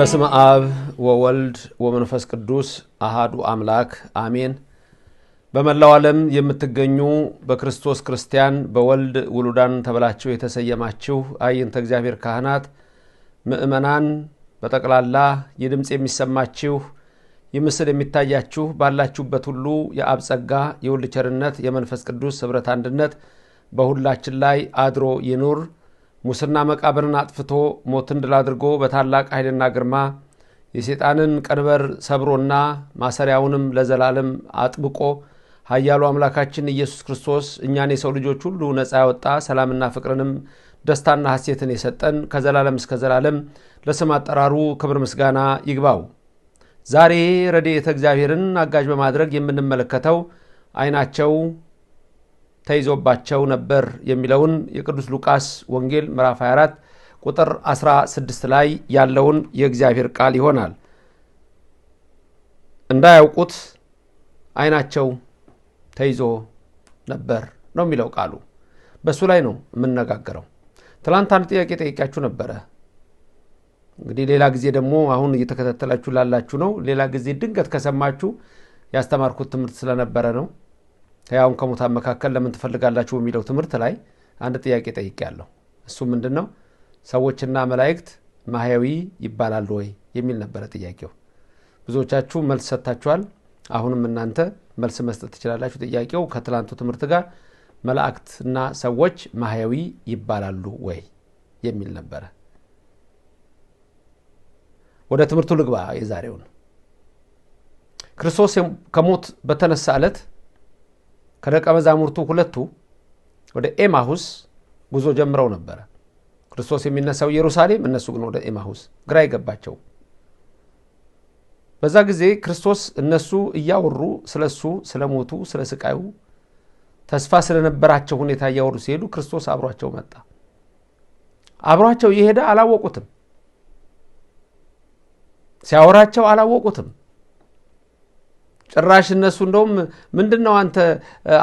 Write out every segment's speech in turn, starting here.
በስመ አብ ወወልድ ወመንፈስ ቅዱስ አሃዱ አምላክ አሜን። በመላው ዓለም የምትገኙ በክርስቶስ ክርስቲያን በወልድ ውሉዳን ተብላችሁ የተሰየማችሁ አይንተ እግዚአብሔር ካህናት፣ ምእመናን በጠቅላላ የድምፅ የሚሰማችሁ ምስል የሚታያችሁ ባላችሁበት ሁሉ የአብ ጸጋ የወልድ ቸርነት የመንፈስ ቅዱስ ኅብረት አንድነት በሁላችን ላይ አድሮ ይኑር። ሙስና መቃብርን አጥፍቶ ሞትን ድል አድርጎ በታላቅ ኃይልና ግርማ የሴጣንን ቀንበር ሰብሮና ማሰሪያውንም ለዘላለም አጥብቆ ኃያሉ አምላካችን ኢየሱስ ክርስቶስ እኛን የሰው ልጆች ሁሉ ነፃ ያወጣ ሰላምና ፍቅርንም ደስታና ሐሴትን የሰጠን ከዘላለም እስከ ዘላለም ለስም አጠራሩ ክብር ምስጋና ይግባው። ዛሬ ረድኤተ እግዚአብሔርን አጋዥ በማድረግ የምንመለከተው አይናቸው ተይዞባቸው ነበር የሚለውን የቅዱስ ሉቃስ ወንጌል ምዕራፍ 24 ቁጥር 16 ላይ ያለውን የእግዚአብሔር ቃል ይሆናል። እንዳያውቁት ዓይናቸው ተይዞ ነበር ነው የሚለው ቃሉ። በእሱ ላይ ነው የምነጋገረው። ትናንት አንድ ጥያቄ ጠይቂያችሁ ነበረ። እንግዲህ ሌላ ጊዜ ደግሞ አሁን እየተከታተላችሁ ላላችሁ ነው። ሌላ ጊዜ ድንገት ከሰማችሁ ያስተማርኩት ትምህርት ስለነበረ ነው ሕያውን ከሙታን መካከል ለምን ትፈልጋላችሁ በሚለው ትምህርት ላይ አንድ ጥያቄ ጠይቅ ያለው እሱ ምንድን ነው ሰዎችና መላእክት ማህያዊ ይባላሉ ወይ የሚል ነበረ ጥያቄው። ብዙዎቻችሁ መልስ ሰጥታችኋል። አሁንም እናንተ መልስ መስጠት ትችላላችሁ። ጥያቄው ከትላንቱ ትምህርት ጋር መላእክትና ሰዎች ማህያዊ ይባላሉ ወይ የሚል ነበረ። ወደ ትምህርቱ ልግባ። የዛሬውን ክርስቶስ ከሞት በተነሳ ዕለት ከደቀ መዛሙርቱ ሁለቱ ወደ ኤማሁስ ጉዞ ጀምረው ነበረ። ክርስቶስ የሚነሳው ኢየሩሳሌም፣ እነሱ ግን ወደ ኤማሁስ። ግራ አይገባቸው። በዛ ጊዜ ክርስቶስ እነሱ እያወሩ ስለ እሱ ስለ ሞቱ ስለ ስቃዩ ተስፋ ስለነበራቸው ሁኔታ እያወሩ ሲሄዱ ክርስቶስ አብሯቸው መጣ። አብሯቸው የሄደ አላወቁትም፣ ሲያወራቸው አላወቁትም። ጭራሽ እነሱ እንደውም ምንድን ነው አንተ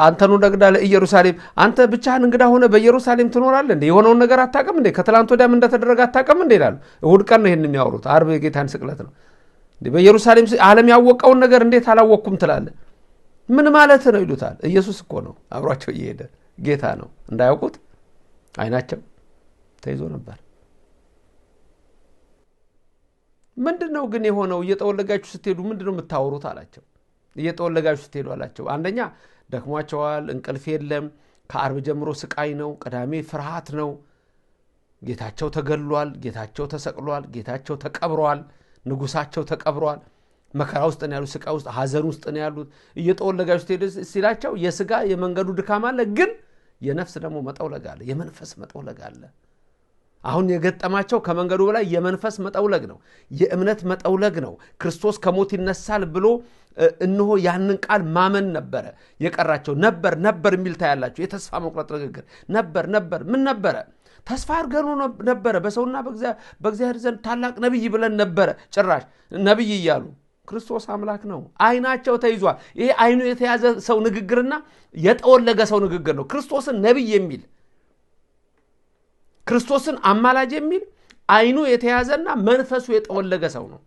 አንተኑ ደግዳለ ኢየሩሳሌም አንተ ብቻህን እንግዳ ሆነ በኢየሩሳሌም ትኖራለህ እንዴ? የሆነውን ነገር አታውቅም እንዴ? ከትላንት ወዲያም እንደተደረገ አታውቅም እንዴ? ይላሉ። እሁድ ቀን ነው ይህን የሚያወሩት። አርብ የጌታን ስቅለት ነው። በኢየሩሳሌም ዓለም ያወቀውን ነገር እንዴት አላወቅኩም ትላለህ? ምን ማለት ነው ይሉታል። ኢየሱስ እኮ ነው አብሯቸው እየሄደ ጌታ ነው። እንዳያውቁት አይናቸው ተይዞ ነበር። ምንድን ነው ግን የሆነው? እየጠወለጋችሁ ስትሄዱ ምንድን ነው የምታወሩት አላቸው። እየጠወለጋችሁ ስትሄዱ አላቸው። አንደኛ ደክሟቸዋል፣ እንቅልፍ የለም። ከአርብ ጀምሮ ስቃይ ነው። ቅዳሜ ፍርሃት ነው። ጌታቸው ተገሏል፣ ጌታቸው ተሰቅሏል፣ ጌታቸው ተቀብረዋል፣ ንጉሳቸው ተቀብረዋል። መከራ ውስጥ ነው ያሉት፣ ስቃይ ውስጥ፣ ሀዘን ውስጥ ነው ያሉት። እየጠወለጋችሁ ስትሄዱ ሲላቸው የስጋ የመንገዱ ድካም አለ፣ ግን የነፍስ ደግሞ መጠውለግ አለ፣ የመንፈስ መጠውለግ አለ። አሁን የገጠማቸው ከመንገዱ በላይ የመንፈስ መጠውለግ ነው፣ የእምነት መጠውለግ ነው። ክርስቶስ ከሞት ይነሳል ብሎ እነሆ ያንን ቃል ማመን ነበረ የቀራቸው። ነበር ነበር የሚል ታያላቸው። የተስፋ መቁረጥ ንግግር ነበር ነበር ምን ነበረ ተስፋ አድርገኑ ነበረ። በሰውና በእግዚአብሔር ዘንድ ታላቅ ነቢይ ብለን ነበረ። ጭራሽ ነቢይ እያሉ ክርስቶስ አምላክ ነው። አይናቸው ተይዟል። ይሄ አይኑ የተያዘ ሰው ንግግርና የጠወለገ ሰው ንግግር ነው። ክርስቶስን ነቢይ የሚል ክርስቶስን አማላጅ የሚል አይኑ የተያዘና መንፈሱ የጠወለገ ሰው ነው።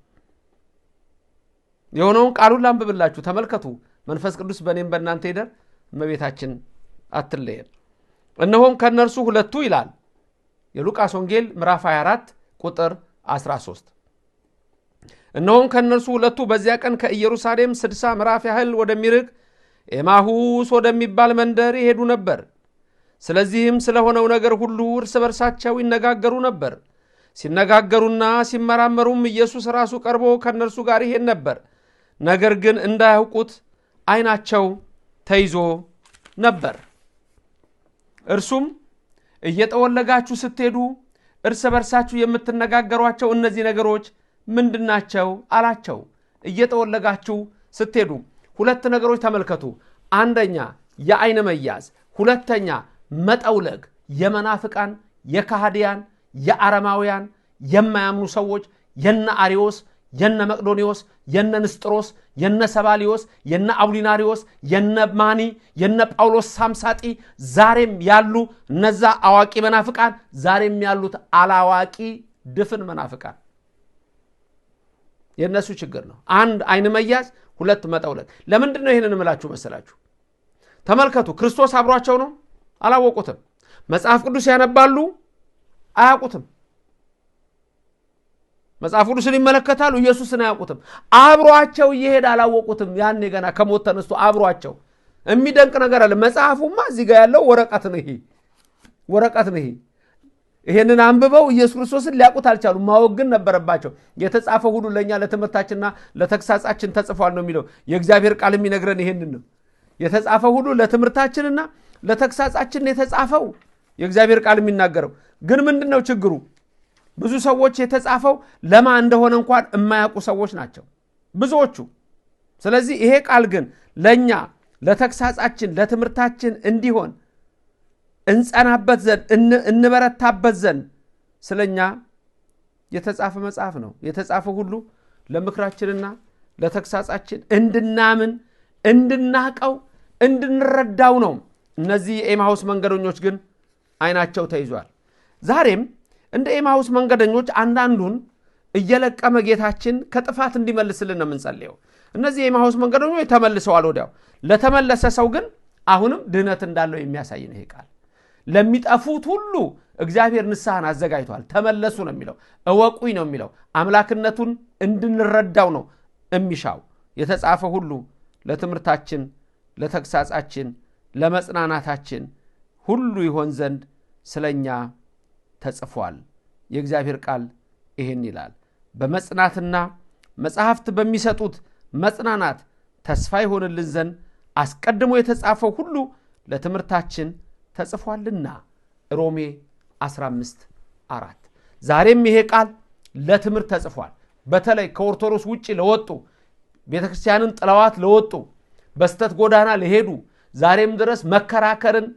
የሆነውን ቃሉን ላንብብላችሁ፣ ተመልከቱ። መንፈስ ቅዱስ በእኔም በእናንተ ይደር፣ እመቤታችን አትለየን። እነሆም ከእነርሱ ሁለቱ ይላል የሉቃስ ወንጌል ምዕራፍ 24 ቁጥር 13 እነሆም ከእነርሱ ሁለቱ በዚያ ቀን ከኢየሩሳሌም ስድሳ ምዕራፍ ያህል ወደሚርቅ ኤማሁስ ወደሚባል መንደር ይሄዱ ነበር። ስለዚህም ስለሆነው ነገር ሁሉ እርስ በርሳቸው ይነጋገሩ ነበር። ሲነጋገሩና ሲመራመሩም ኢየሱስ ራሱ ቀርቦ ከእነርሱ ጋር ይሄድ ነበር። ነገር ግን እንዳያውቁት አይናቸው ተይዞ ነበር። እርሱም እየጠወለጋችሁ ስትሄዱ እርስ በርሳችሁ የምትነጋገሯቸው እነዚህ ነገሮች ምንድናቸው? አላቸው። እየጠወለጋችሁ ስትሄዱ ሁለት ነገሮች ተመልከቱ። አንደኛ የአይን መያዝ፣ ሁለተኛ መጠውለግ የመናፍቃን የካህዲያን የአረማውያን የማያምኑ ሰዎች የነ አሪዎስ የነ መቅዶኒዎስ የነ ንስጥሮስ የነ ሰባሊዮስ የነ አውሊናሪዎስ የነ ማኒ የነ ጳውሎስ ሳምሳጢ ዛሬም ያሉ እነዛ አዋቂ መናፍቃን ዛሬም ያሉት አላዋቂ ድፍን መናፍቃን የእነሱ ችግር ነው አንድ አይን መያዝ ሁለት መጠውለግ ለምንድን ነው ይህንን እምላችሁ መሰላችሁ ተመልከቱ ክርስቶስ አብሯቸው ነው አላወቁትም። መጽሐፍ ቅዱስ ያነባሉ፣ አያውቁትም። መጽሐፍ ቅዱስን ይመለከታሉ፣ ኢየሱስን አያውቁትም። አብሯቸው እየሄደ አላወቁትም። ያኔ ገና ከሞት ተነስቶ አብሯቸው የሚደንቅ ነገር አለ። መጽሐፉማ እዚህ ጋር ያለው ወረቀት ነው። ይሄ ወረቀት ነው። ይሄ ይሄንን አንብበው ኢየሱስ ክርስቶስን ሊያውቁት አልቻሉ ማወቅ ግን ነበረባቸው። የተጻፈ ሁሉ ለእኛ ለትምህርታችንና ለተግሳጻችን ተጽፏል ነው የሚለው የእግዚአብሔር ቃል የሚነግረን ይሄንን ነው። የተጻፈ ሁሉ ለትምህርታችንና ለተግሳጻችን የተጻፈው የእግዚአብሔር ቃል የሚናገረው ግን ምንድን ነው ችግሩ? ብዙ ሰዎች የተጻፈው ለማ እንደሆነ እንኳን የማያውቁ ሰዎች ናቸው ብዙዎቹ። ስለዚህ ይሄ ቃል ግን ለእኛ ለተግሳጻችን፣ ለትምህርታችን እንዲሆን እንጸናበት ዘንድ እንበረታበት ዘንድ ስለ እኛ የተጻፈ መጽሐፍ ነው። የተጻፈ ሁሉ ለምክራችንና ለተግሳጻችን እንድናምን እንድናቀው እንድንረዳው ነው። እነዚህ የኤማውስ መንገደኞች ግን አይናቸው ተይዟል። ዛሬም እንደ ኤማውስ መንገደኞች አንዳንዱን እየለቀመ ጌታችን ከጥፋት እንዲመልስልን ነው የምንጸልየው። እነዚህ የኤማውስ መንገደኞች ተመልሰዋል ወዲያው። ለተመለሰ ሰው ግን አሁንም ድህነት እንዳለው የሚያሳይ ነው ይሄ ቃል። ለሚጠፉት ሁሉ እግዚአብሔር ንስሐን አዘጋጅቷል። ተመለሱ ነው የሚለው፣ እወቁኝ ነው የሚለው። አምላክነቱን እንድንረዳው ነው የሚሻው። የተጻፈ ሁሉ ለትምህርታችን ለተግሳጻችን ለመጽናናታችን ሁሉ ይሆን ዘንድ ስለ እኛ ተጽፏል። የእግዚአብሔር ቃል ይህን ይላል። በመጽናትና መጽሐፍት በሚሰጡት መጽናናት ተስፋ ይሆንልን ዘንድ አስቀድሞ የተጻፈው ሁሉ ለትምህርታችን ተጽፏልና ሮሜ 15 አራት ዛሬም ይሄ ቃል ለትምህርት ተጽፏል። በተለይ ከኦርቶዶክስ ውጭ ለወጡ ቤተ ክርስቲያንን ጥለዋት ለወጡ በስተት ጎዳና ለሄዱ ዛሬም ድረስ መከራከርን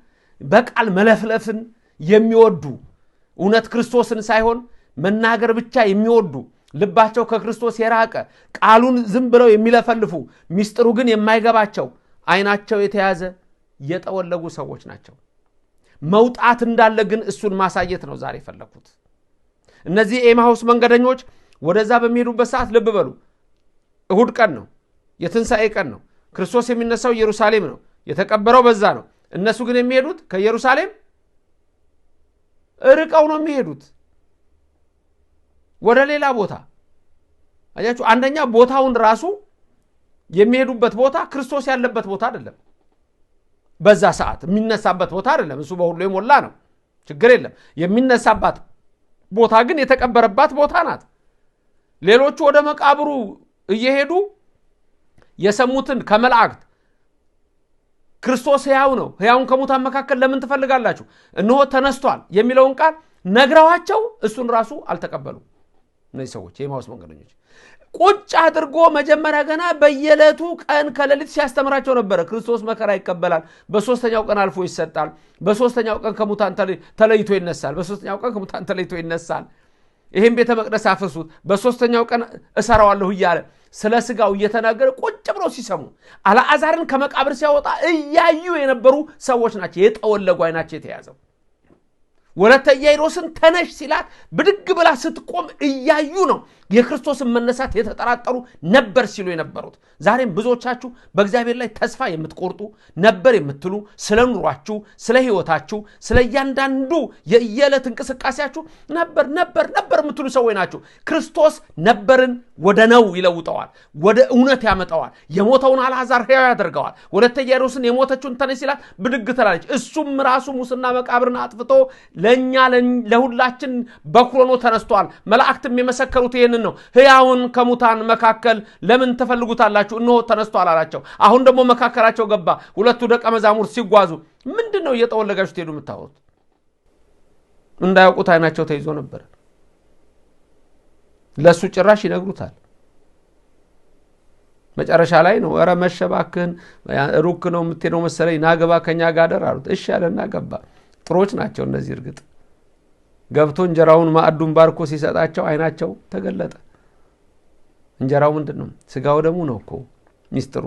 በቃል መለፍለፍን የሚወዱ እውነት ክርስቶስን ሳይሆን መናገር ብቻ የሚወዱ ልባቸው ከክርስቶስ የራቀ ቃሉን ዝም ብለው የሚለፈልፉ ሚስጥሩ ግን የማይገባቸው አይናቸው የተያዘ የጠወለጉ ሰዎች ናቸው። መውጣት እንዳለ ግን እሱን ማሳየት ነው ዛሬ የፈለኩት። እነዚህ ኤማሁስ መንገደኞች ወደዛ በሚሄዱበት ሰዓት ልብ በሉ፣ እሁድ ቀን ነው፣ የትንሣኤ ቀን ነው። ክርስቶስ የሚነሳው ኢየሩሳሌም ነው። የተቀበረው በዛ ነው። እነሱ ግን የሚሄዱት ከኢየሩሳሌም እርቀው ነው የሚሄዱት ወደ ሌላ ቦታ። አያችሁ፣ አንደኛ ቦታውን ራሱ የሚሄዱበት ቦታ ክርስቶስ ያለበት ቦታ አይደለም። በዛ ሰዓት የሚነሳበት ቦታ አይደለም። እሱ በሁሉ የሞላ ነው፣ ችግር የለም። የሚነሳባት ቦታ ግን የተቀበረባት ቦታ ናት። ሌሎቹ ወደ መቃብሩ እየሄዱ የሰሙትን ከመላእክት ክርስቶስ ሕያው ነው፣ ሕያውን ከሙታን መካከል ለምን ትፈልጋላችሁ? እነሆ ተነስቷል የሚለውን ቃል ነግረዋቸው እሱን ራሱ አልተቀበሉም። እነዚህ ሰዎች የኤማሁስ መንገደኞች ቁጭ አድርጎ መጀመሪያ ገና በየዕለቱ ቀን ከሌሊት ሲያስተምራቸው ነበረ። ክርስቶስ መከራ ይቀበላል፣ በሶስተኛው ቀን አልፎ ይሰጣል፣ በሶስተኛው ቀን ከሙታን ተለይቶ ይነሳል፣ በሶስተኛው ቀን ከሙታን ተለይቶ ይነሳል፣ ይህም ቤተ መቅደስ አፍርሱት፣ በሶስተኛው ቀን እሰራዋለሁ እያለ ስለ ስጋው እየተናገረ ቁጭ ብለው ሲሰሙ አልዓዛርን ከመቃብር ሲያወጣ እያዩ የነበሩ ሰዎች ናቸው። የጠወለጉ አይናቸው የተያዘው ወለተ ኢያኢሮስን ተነሽ ሲላት ብድግ ብላ ስትቆም እያዩ ነው የክርስቶስን መነሳት የተጠራጠሩ ነበር ሲሉ የነበሩት። ዛሬም ብዙዎቻችሁ በእግዚአብሔር ላይ ተስፋ የምትቆርጡ ነበር የምትሉ ስለ ኑሯችሁ፣ ስለ ህይወታችሁ፣ ስለ እያንዳንዱ የየዕለት እንቅስቃሴያችሁ ነበር ነበር ነበር የምትሉ ሰዎች ናችሁ። ክርስቶስ ነበርን ወደ ነው ይለውጠዋል፣ ወደ እውነት ያመጠዋል፣ የሞተውን አልዓዛር ሕያው ያደርገዋል። ወለተ ኢያኢሮስን የሞተችውን ተነሽ ሲላት ብድግ ትላለች። እሱም ራሱ ሙስና መቃብርን አጥፍቶ ለእኛ ለሁላችን በኩር ሆኖ ተነስቷል። መላእክትም የመሰከሩት ይህንን ነው። ሕያውን ከሙታን መካከል ለምን ትፈልጉታላችሁ? እነሆ ተነስቷል አላቸው። አሁን ደግሞ መካከላቸው ገባ። ሁለቱ ደቀ መዛሙር ሲጓዙ ምንድን ነው እየጠወለጋችሁ ትሄዱ የምታወት? እንዳያውቁት አይናቸው ተይዞ ነበር። ለእሱ ጭራሽ ይነግሩታል። መጨረሻ ላይ ነው ረ መሸባክህን ሩክ ነው የምትሄደው መሰለኝ ናገባ ከኛ ጋደር አሉት። እሺ ያለና ገባ። ጥሮች ናቸው እነዚህ። እርግጥ ገብቶ እንጀራውን ማዕዱን ባርኮ ሲሰጣቸው አይናቸው ተገለጠ። እንጀራው ምንድን ነው? ስጋው ደሙ ነው እኮ ሚስጥሩ።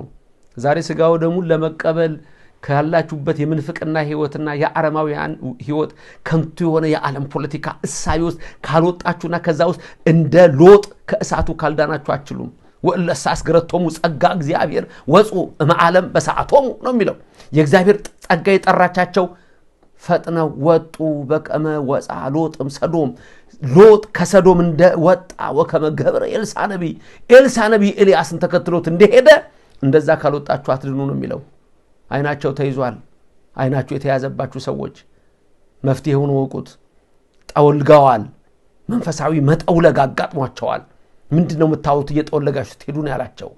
ዛሬ ስጋው ደሙን ለመቀበል ካላችሁበት የምንፍቅና ህይወትና የአረማውያን ህይወት ከንቱ የሆነ የዓለም ፖለቲካ እሳቢ ውስጥ ካልወጣችሁና ከዛ ውስጥ እንደ ሎጥ ከእሳቱ ካልዳናችሁ አችሉም። ወለሳ አስገረቶሙ ጸጋ እግዚአብሔር ወፁ እመዓለም በሰዓቶሙ ነው የሚለው የእግዚአብሔር ጸጋ የጠራቻቸው ፈጥነው ወጡ። በቀመ ወፃ ሎጥም ሰዶም ሎጥ ከሰዶም እንደ ወጣ ወከመ ገብረ ኤልሳ ነቢይ ኤልሳ ነቢ ኤልያስን ተከትሎት እንደሄደ እንደዛ ካልወጣችሁ አትድኑ ነው የሚለው። አይናቸው ተይዟል። አይናቸው የተያዘባችሁ ሰዎች መፍትሄውን ወቁት። ጠወልገዋል። መንፈሳዊ መጠውለግ አጋጥሟቸዋል። ምንድን ነው የምታወሩት? እየጠወለጋችሁ ትሄዱ ያላቸው።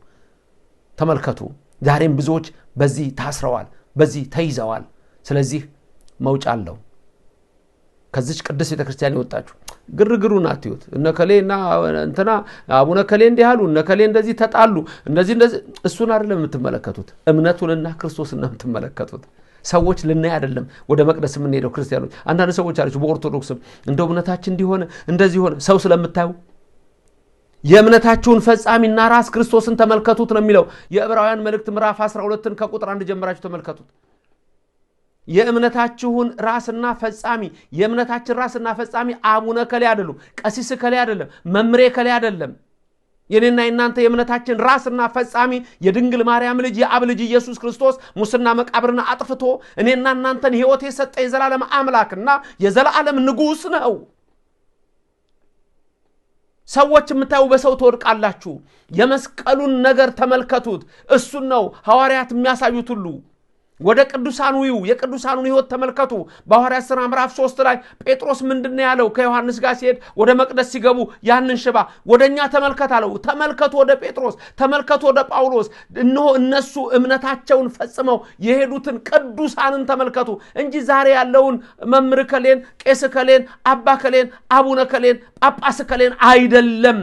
ተመልከቱ። ዛሬም ብዙዎች በዚህ ታስረዋል፣ በዚህ ተይዘዋል። ስለዚህ መውጫ አለው። ከዚች ቅድስት ቤተ ክርስቲያን የወጣችሁ ግርግሩ አትዩት። እነከሌ እና እንትና አቡነ ከሌ እንዲህ አሉ፣ እነከሌ እንደዚህ ተጣሉ፣ እንደዚህ እንደዚህ። እሱን አይደለም የምትመለከቱት፣ እምነቱንና ክርስቶስን ነው የምትመለከቱት። ሰዎች ልናይ አይደለም ወደ መቅደስ የምንሄደው ክርስቲያኖች። አንዳንድ ሰዎች አለችው በኦርቶዶክስም እንደ እምነታችን እንዲሆነ እንደዚህ ሆነ ሰው ስለምታዩ የእምነታችሁን ፈጻሚና ራስ ክርስቶስን ተመልከቱት ነው የሚለው የዕብራውያን መልእክት ምዕራፍ 12ን ከቁጥር አንድ ጀምራችሁ ተመልከቱት። የእምነታችሁን ራስና ፈጻሚ የእምነታችን ራስና ፈጻሚ አቡነ ከሌ አይደሉም፣ ቀሲስ ከሌ አይደለም፣ መምሬ ከሌ አይደለም። የኔና የእናንተ የእምነታችን ራስና ፈጻሚ የድንግል ማርያም ልጅ የአብ ልጅ ኢየሱስ ክርስቶስ ሙስና መቃብርን አጥፍቶ እኔና እናንተን ሕይወት የሰጠ የዘላለም አምላክና የዘላለም ንጉሥ ነው። ሰዎች የምታዩ በሰው ትወድቃላችሁ። የመስቀሉን ነገር ተመልከቱት። እሱን ነው ሐዋርያት የሚያሳዩት ሁሉ ወደ ቅዱሳኑ ይው የቅዱሳኑን ሕይወት ተመልከቱ። በሐዋርያት ሥራ ምዕራፍ ሶስት ላይ ጴጥሮስ ምንድን ያለው? ከዮሐንስ ጋር ሲሄድ ወደ መቅደስ ሲገቡ ያንን ሽባ ወደ እኛ ተመልከት አለው። ተመልከቱ ወደ ጴጥሮስ፣ ተመልከቱ ወደ ጳውሎስ። እነሆ እነሱ እምነታቸውን ፈጽመው የሄዱትን ቅዱሳንን ተመልከቱ እንጂ ዛሬ ያለውን መምህር ከሌን፣ ቄስ ከሌን፣ አባ ከሌን፣ አቡነ ከሌን፣ ጳጳስ ከሌን አይደለም።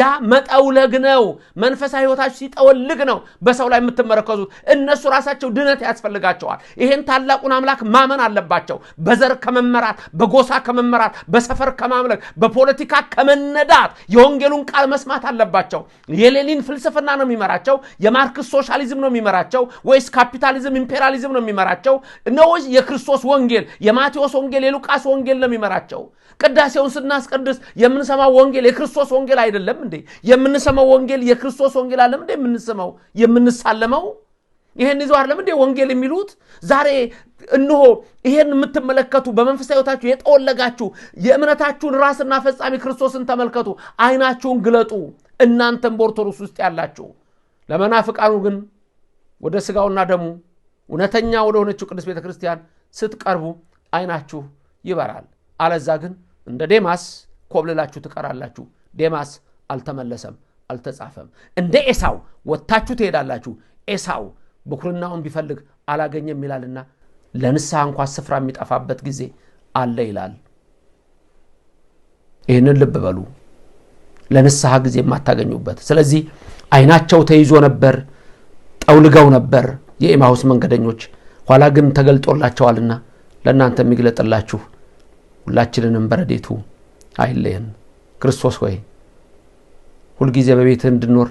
ያ መጠውለግ ነው። መንፈሳዊ ሕይወታችሁ ሲጠወልግ ነው በሰው ላይ የምትመረከዙት። እነሱ ራሳቸው ድነት ያስፈልጋቸዋል። ይሄን ታላቁን አምላክ ማመን አለባቸው። በዘር ከመመራት፣ በጎሳ ከመመራት፣ በሰፈር ከማምለክ፣ በፖለቲካ ከመነዳት የወንጌሉን ቃል መስማት አለባቸው። የሌሊን ፍልስፍና ነው የሚመራቸው? የማርክስ ሶሻሊዝም ነው የሚመራቸው? ወይስ ካፒታሊዝም ኢምፔሪያሊዝም ነው የሚመራቸው? ነው የክርስቶስ ወንጌል፣ የማቴዎስ ወንጌል፣ የሉቃስ ወንጌል ነው የሚመራቸው። ቅዳሴውን ስናስቀድስ የምንሰማው ወንጌል የክርስቶስ ወንጌል አይደለም። እንዴ? የምንሰማው ወንጌል የክርስቶስ ወንጌል አለም እንዴ? የምንሰማው የምንሳለመው ይሄን ይዞ አለም እንዴ ወንጌል የሚሉት? ዛሬ እንሆ ይሄን የምትመለከቱ በመንፈሳዊ ወታችሁ የጠወለጋችሁ የእምነታችሁን ራስና ፈጻሚ ክርስቶስን ተመልከቱ፣ አይናችሁን ግለጡ። እናንተን በኦርቶዶክስ ውስጥ ያላችሁ ለመናፍቃኑ ግን ወደ ስጋውና ደሙ እውነተኛ ወደ ሆነችው ቅዱስ ቤተ ክርስቲያን ስትቀርቡ አይናችሁ ይበራል። አለዛ ግን እንደ ዴማስ ኮብልላችሁ ትቀራላችሁ። ዴማስ አልተመለሰም፣ አልተጻፈም። እንደ ኤሳው ወታችሁ ትሄዳላችሁ። ኤሳው ብኩርናውን ቢፈልግ አላገኘም ይላልና ለንስሐ እንኳ ስፍራ የሚጠፋበት ጊዜ አለ ይላል። ይህንን ልብ በሉ፣ ለንስሐ ጊዜ የማታገኙበት። ስለዚህ አይናቸው ተይዞ ነበር፣ ጠውልገው ነበር የኢማሁስ መንገደኞች። ኋላ ግን ተገልጦላቸዋልና ለእናንተ የሚግለጥላችሁ ሁላችንንም በረዴቱ አይለየን። ክርስቶስ ወይ። ሁልጊዜ በቤትህ እንድኖር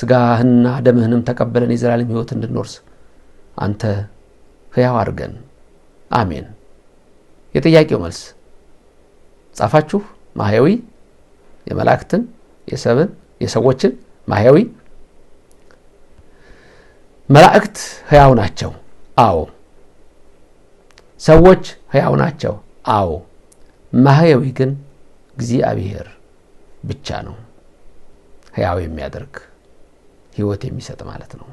ስጋህንና ደምህንም ተቀበለን የዘላለም ሕይወት እንድኖርስ አንተ ሕያው አድርገን አሜን። የጥያቄው መልስ ጻፋችሁ ማህያዊ የመላእክትን የሰብን የሰዎችን ማህያዊ መላእክት ሕያው ናቸው። አዎ። ሰዎች ሕያው ናቸው። አዎ። ማህያዊ ግን እግዚአብሔር ብቻ ነው። ህያው የሚያደርግ ህይወት የሚሰጥ ማለት ነው።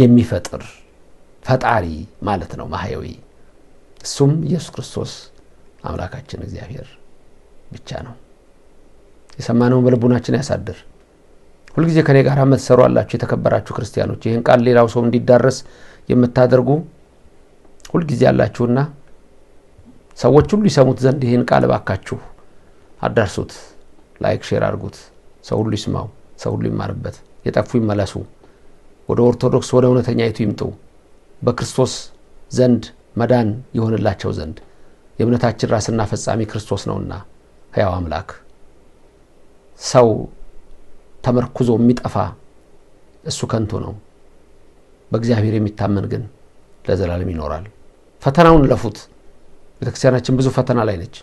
የሚፈጥር ፈጣሪ ማለት ነው። ማህያዊ እሱም ኢየሱስ ክርስቶስ አምላካችን እግዚአብሔር ብቻ ነው። የሰማነውን በልቡናችን ያሳድር። ሁልጊዜ ከኔ ጋር መትሰሩ አላችሁ የተከበራችሁ ክርስቲያኖች፣ ይህን ቃል ሌላው ሰው እንዲዳረስ የምታደርጉ ሁልጊዜ አላችሁና ሰዎች ሁሉ ይሰሙት ዘንድ ይህን ቃል እባካችሁ አዳርሱት። ላይክ ሼር አድርጉት። ሰው ሁሉ ይስማው፣ ሰው ሁሉ ይማርበት። የጠፉ ይመለሱ፣ ወደ ኦርቶዶክስ ወደ እውነተኛይቱ ይምጡ፣ በክርስቶስ ዘንድ መዳን የሆንላቸው ዘንድ የእምነታችን ራስና ፈጻሚ ክርስቶስ ነውና ሕያው አምላክ ሰው ተመርኩዞ የሚጠፋ እሱ ከንቱ ነው። በእግዚአብሔር የሚታመን ግን ለዘላለም ይኖራል። ፈተናውን ለፉት። ቤተክርስቲያናችን ብዙ ፈተና ላይ ነች።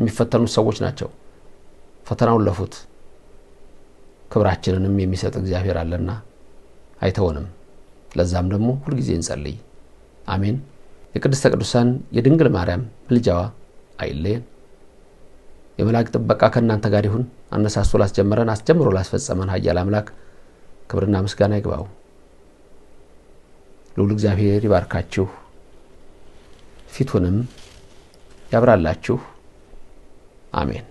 የሚፈተኑት ሰዎች ናቸው። ፈተናውን ለፉት። ክብራችንንም የሚሰጥ እግዚአብሔር አለና አይተውንም። ለዛም ደግሞ ሁልጊዜ እንጸልይ። አሜን። የቅድስተ ቅዱሳን የድንግል ማርያም ምልጃዋ አይለየን። የመላክ ጥበቃ ከእናንተ ጋር ይሁን። አነሳሶ ላስጀመረን አስጀምሮ ላስፈጸመን ሀያል አምላክ ክብርና ምስጋና ይግባው። ልዑል እግዚአብሔር ይባርካችሁ፣ ፊቱንም ያብራላችሁ። አሜን።